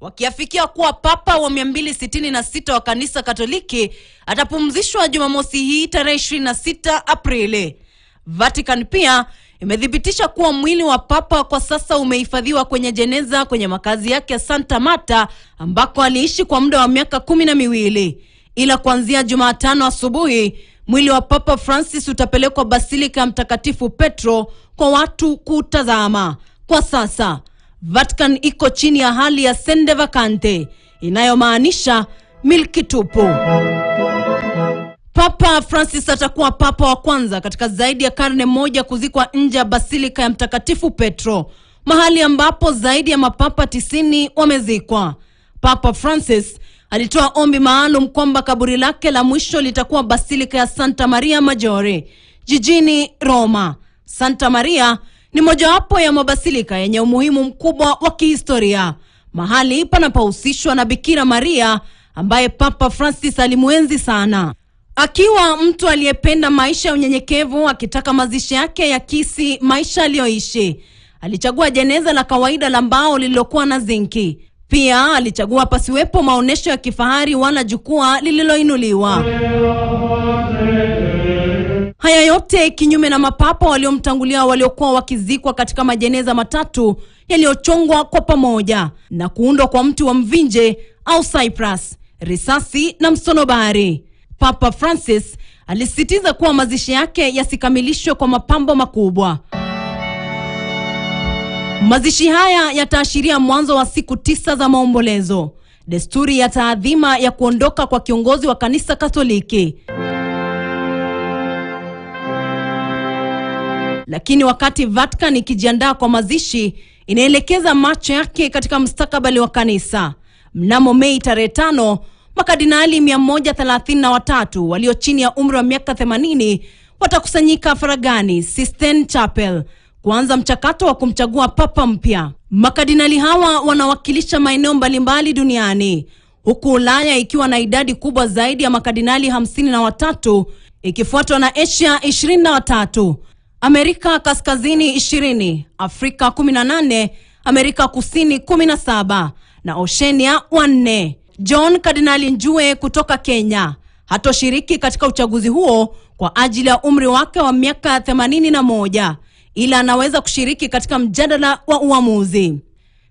wakiafikia kuwa papa wa 266 wa kanisa Katoliki atapumzishwa Jumamosi hii tarehe 26 Aprili. Vatican pia imethibitisha kuwa mwili wa papa kwa sasa umehifadhiwa kwenye jeneza kwenye makazi yake ya Santa Marta ambako aliishi kwa muda wa miaka kumi na miwili. Ila kuanzia Jumatano asubuhi mwili wa Papa Francis utapelekwa Basilika ya Mtakatifu Petro kwa watu kutazama. Kwa sasa Vatican iko chini ya hali ya sende vacante inayomaanisha milki tupu. Papa Francis atakuwa papa wa kwanza katika zaidi ya karne moja kuzikwa nje ya basilika ya Mtakatifu Petro, mahali ambapo zaidi ya mapapa tisini wamezikwa. Papa Francis alitoa ombi maalum kwamba kaburi lake la mwisho litakuwa basilika ya Santa Maria Maggiore jijini Roma. Santa Maria ni mojawapo ya mabasilika yenye umuhimu mkubwa wa kihistoria, mahali panapohusishwa na Bikira Maria ambaye Papa Francis alimuenzi sana, akiwa mtu aliyependa maisha ya unyenyekevu, akitaka mazishi yake ya kisi maisha aliyoishi. Alichagua jeneza la kawaida la mbao lililokuwa na zinki. Pia alichagua pasiwepo maonyesho ya kifahari wala jukwaa lililoinuliwa. Haya yote kinyume na mapapa waliomtangulia waliokuwa wakizikwa katika majeneza matatu yaliyochongwa kwa pamoja na kuundwa kwa mti wa mvinje au cyprus, risasi na msonobari. Papa Francis alisisitiza kuwa mazishi yake yasikamilishwe kwa mapambo makubwa. Mazishi haya yataashiria mwanzo wa siku tisa za maombolezo, desturi ya taadhima ya kuondoka kwa kiongozi wa kanisa Katoliki. lakini wakati Vatican ikijiandaa kwa mazishi, inaelekeza macho yake katika mstakabali wa kanisa. Mnamo Mei tarehe tano, makadinali 133 walio chini ya umri wa miaka 80 watakusanyika faragani Sistine Chapel kuanza mchakato wa kumchagua papa mpya. makadinali hawa wanawakilisha maeneo mbalimbali duniani huku Ulaya ikiwa na idadi kubwa zaidi ya makadinali hamsini na watatu ikifuatwa na Asia 23 Amerika Kaskazini 20, Afrika 18, Amerika Kusini 17 na Oshenia wanne. John Kardinali Njue kutoka Kenya hatoshiriki katika uchaguzi huo kwa ajili ya umri wake wa miaka 81 ila anaweza kushiriki katika mjadala wa uamuzi.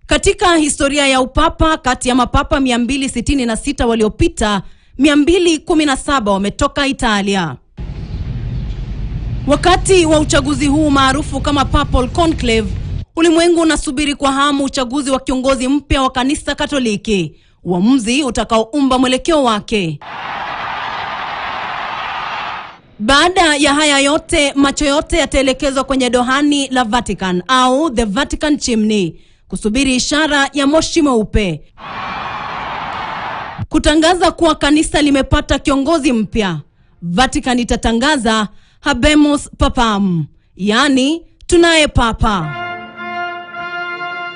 Katika historia ya upapa, kati ya mapapa 266 waliopita, 217 wametoka Italia. Wakati wa uchaguzi huu maarufu kama Papal Conclave, ulimwengu unasubiri kwa hamu uchaguzi wa kiongozi mpya wa kanisa Katoliki, uamuzi utakaoumba mwelekeo wake. Baada ya haya yote, macho yote yataelekezwa kwenye dohani la Vatican au the Vatican Chimney kusubiri ishara ya moshi mweupe kutangaza kuwa kanisa limepata kiongozi mpya. Vatican itatangaza habemos papam, yani tunaye papa.